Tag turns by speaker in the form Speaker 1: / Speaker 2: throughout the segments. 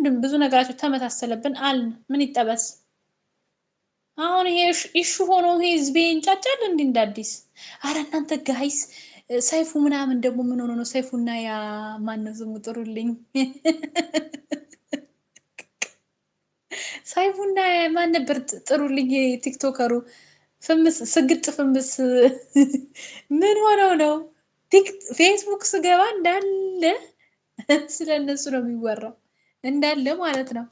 Speaker 1: ሁሉም ብዙ ነገራቸው ተመሳሰለብን አልን። ምን ይጠበስ አሁን ይሄ ኢሹ ሆኖ ይሄ ህዝቤ እንጫጫል እንዲ እንደ አዲስ። አረ እናንተ ጋይስ ሰይፉ ምናምን ደግሞ ምን ሆኖ ነው ሰይፉና ያ ማነው ስሙ ጥሩልኝ ሳይቡና ማን ነበር ጥሩልኝ ቲክቶከሩ ፍምስ ስግጥ ፍምስ ምን ሆነው ነው ፌስቡክ ስገባ እንዳለ ስለነሱ ነው የሚወራው እንዳለ ማለት ነው።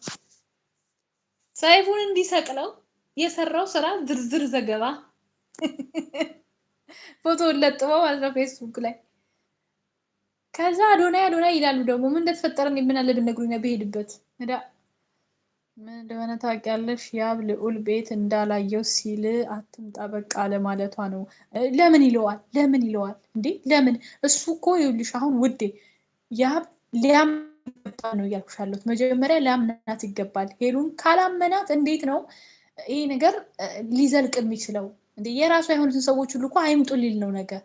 Speaker 1: ሰይፉን እንዲሰቅለው የሰራው ስራ ዝርዝር ዘገባ ፎቶውን ለጥፈው ማለት ነው ፌስቡክ ላይ። ከዛ አዶናይ አዶናይ ይላሉ። ደግሞ ምን እንደተፈጠረ እኔ ምን አለ ብትነግሩኝ ብሄድበት። እዳ ምን እንደሆነ ታውቂያለሽ? ያብ ልዑል ቤት እንዳላየው ሲል አትምጣ በቃ ለማለቷ ነው። ለምን ይለዋል? ለምን ይለዋል እንዴ? ለምን እሱ እኮ ይኸውልሽ፣ አሁን ውዴ ያብ ሊያም ነው እያልኩሽ ያለሁት። መጀመሪያ ሊያምናት ይገባል። ሄሉን ካላመናት እንዴት ነው ይህ ነገር ሊዘልቅ የሚችለው? እንደ የራሱ የሆኑትን ሰዎች ሁሉ እኮ አይምጡ ሊል ነው ነገር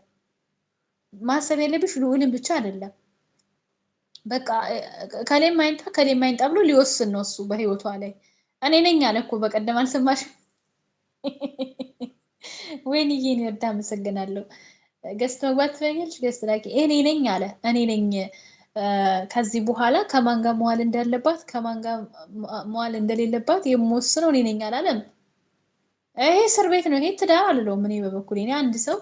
Speaker 1: ማሰብ የለብሽ ልዑልን ብቻ አይደለም። በቃ ከሌም አይንጣ ከሌም አይንጣ ብሎ ሊወስን ነው እሱ በህይወቷ ላይ። እኔ ነኝ አለ እኮ በቀደም አልሰማሽ ወይን? ይሄን ይወዳ አመሰግናለሁ። ገስት መግባት ትፈኛለች። ገስት ላኪ እኔ ነኝ አለ። እኔ ነኝ ከዚህ በኋላ ከማን ጋር መዋል እንዳለባት ከማን ጋር መዋል እንደሌለባት የምወስነው እኔ ነኝ አላለም። ይሄ እስር ቤት ነው፣ ይሄ ትዳር አልለውም። እኔ በበኩል እኔ አንድ ሰው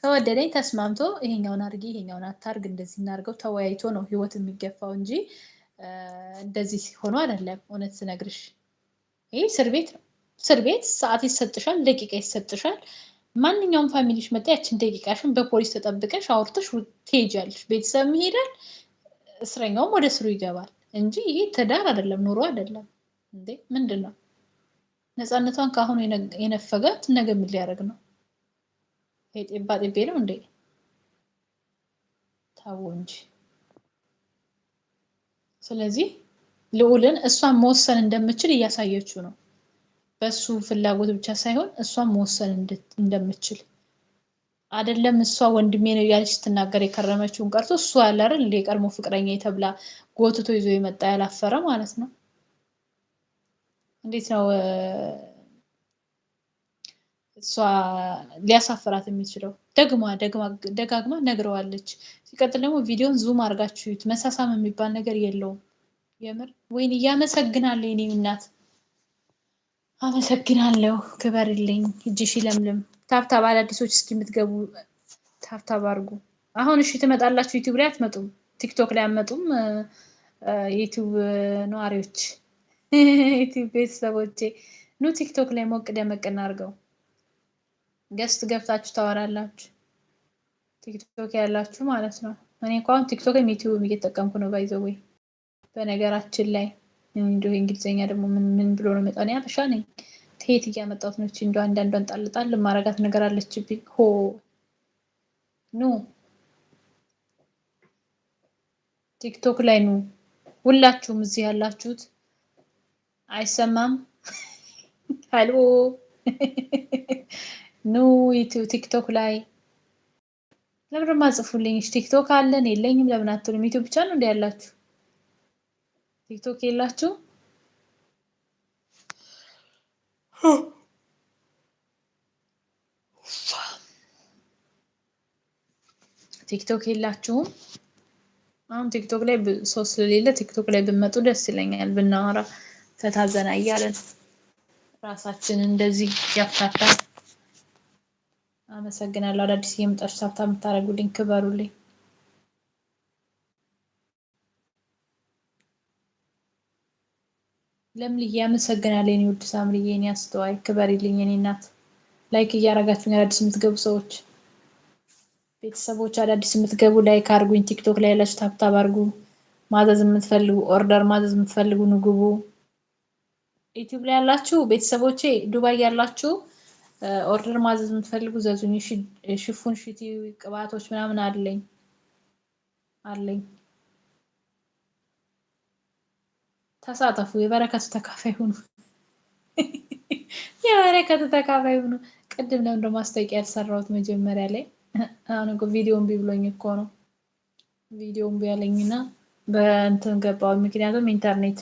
Speaker 1: ከወደደኝ ተስማምቶ ይሄኛውን አድርጊ ይሄኛውን አታርግ እንደዚህ እናርገው ተወያይቶ ነው ህይወት የሚገፋው እንጂ እንደዚህ ሆኖ አይደለም። እውነት ስነግርሽ ይህ እስር ቤት ነው። እስር ቤት ሰዓት ይሰጥሻል፣ ደቂቃ ይሰጥሻል። ማንኛውም ፋሚሊሽ መጣ ያችን ደቂቃሽን በፖሊስ ተጠብቀሽ አውርተሽ ትሄጃለሽ። ቤተሰብ ይሄዳል። እስረኛውም ወደ ስሩ ይገባል እንጂ ይሄ ትዳር አይደለም፣ ኑሮ አይደለም። እንዴ ምንድን ነው? ነፃነቷን ከአሁኑ የነፈጋት ነገ ምን ሊያደርግ ነው? ጤባ ጤቤ ነው እንዴ? ታቦ እንጂ። ስለዚህ ልዑልን እሷን መወሰን እንደምችል እያሳየችው ነው። በሱ ፍላጎት ብቻ ሳይሆን እሷን መወሰን እንደምችል አይደለም እሷ ወንድሜ ነው እያለች ስትናገር የከረመችውን ቀርቶ እሱ አለ አይደል የቀድሞ ፍቅረኛ የተብላ ጎትቶ ይዞ የመጣ ያላፈረ ማለት ነው። እንዴት ነው እሷ ሊያሳፍራት የሚችለው? ደግማ ደጋግማ ነግረዋለች። ሲቀጥል ደግሞ ቪዲዮን ዙም አድርጋችሁ መሳሳም የሚባል ነገር የለውም። የምር ወይን እያመሰግናለሁ የኔ እናት አመሰግናለሁ። ክበርልኝ፣ እጅሽ ይለምልም። ታብታብ አዳዲሶች እስኪ የምትገቡ ታብታብ አድርጉ። አሁን እሺ ትመጣላችሁ። ዩቲዩብ ላይ አትመጡም፣ ቲክቶክ ላይ አትመጡም። የዩቲዩብ ነዋሪዎች፣ ዩቲዩብ ቤተሰቦቼ ኑ ቲክቶክ ላይ ሞቅ ደመቅ እናድርገው። ገስት ገብታችሁ ታወራላችሁ፣ ቲክቶክ ያላችሁ ማለት ነው። እኔ እንኳን ቲክቶክም ዩቲዩብም እየጠቀምኩ ነው። ባይዘ ወይ በነገራችን ላይ እንዲሁ እንግሊዝኛ ደግሞ ምን ብሎ ነው መጣ ያበሻ ነኝ ከየት እያመጣት ነው? እንዲ አንዳንዷን ጣልጣል ማረጋት ነገር አለችብኝ። ሆ ኑ ቲክቶክ ላይ ኑ ሁላችሁም እዚህ ያላችሁት አይሰማም። ሀሎ ኑ ቲክቶክ ላይ ለምን ማጽፉልኝ? ቲክቶክ አለን የለኝም ለምን አትሉም? ዩቲዩብ ብቻ ነው እንዲ ያላችሁ ቲክቶክ የላችሁ ቲክቶክ የላችሁም? አሁን ቲክቶክ ላይ ሰው ስለሌለ ቲክቶክ ላይ ብመጡ ደስ ይለኛል። ብናወራ ፈታ ዘና እያለን ራሳችን እንደዚህ ያፍታታል። አመሰግናለሁ። አዳዲስ የምጠርሳብታ የምታደርጉልኝ ክበሩልኝ። ለምልዬ አመሰግናለሁ። የኔ ውድ እኔ የኔ አስተዋይ፣ ክበሪልኝ የኔ እናት። ላይክ እያረጋችሁኝ አዳዲስ የምትገቡ ሰዎች ቤተሰቦች አዳዲስ የምትገቡ ላይክ አርጉኝ። ቲክቶክ ላይ ያላችሁ ታብታብ አርጉ። ማዘዝ የምትፈልጉ ኦርደር ማዘዝ የምትፈልጉ ንግቡ። ዩቲዩብ ላይ ያላችሁ ቤተሰቦቼ፣ ዱባይ ያላችሁ ኦርደር ማዘዝ የምትፈልጉ ዘዙኝ። ሽፉን፣ ሽቲ፣ ቅባቶች ምናምን አለኝ አለኝ። ተሳተፉ፣ የበረከቱ ተካፋይ ሁኑ። የበረከቱ ተካፋይ ሁኑ። ቅድም ነው ማስታወቂያ ያልሰራሁት መጀመሪያ ላይ። አሁን እኮ ቪዲዮ እምቢ ብሎኝ እኮ ነው ቪዲዮ እምቢ ያለኝና በእንትን ገባው፣ ምክንያቱም ኢንተርኔት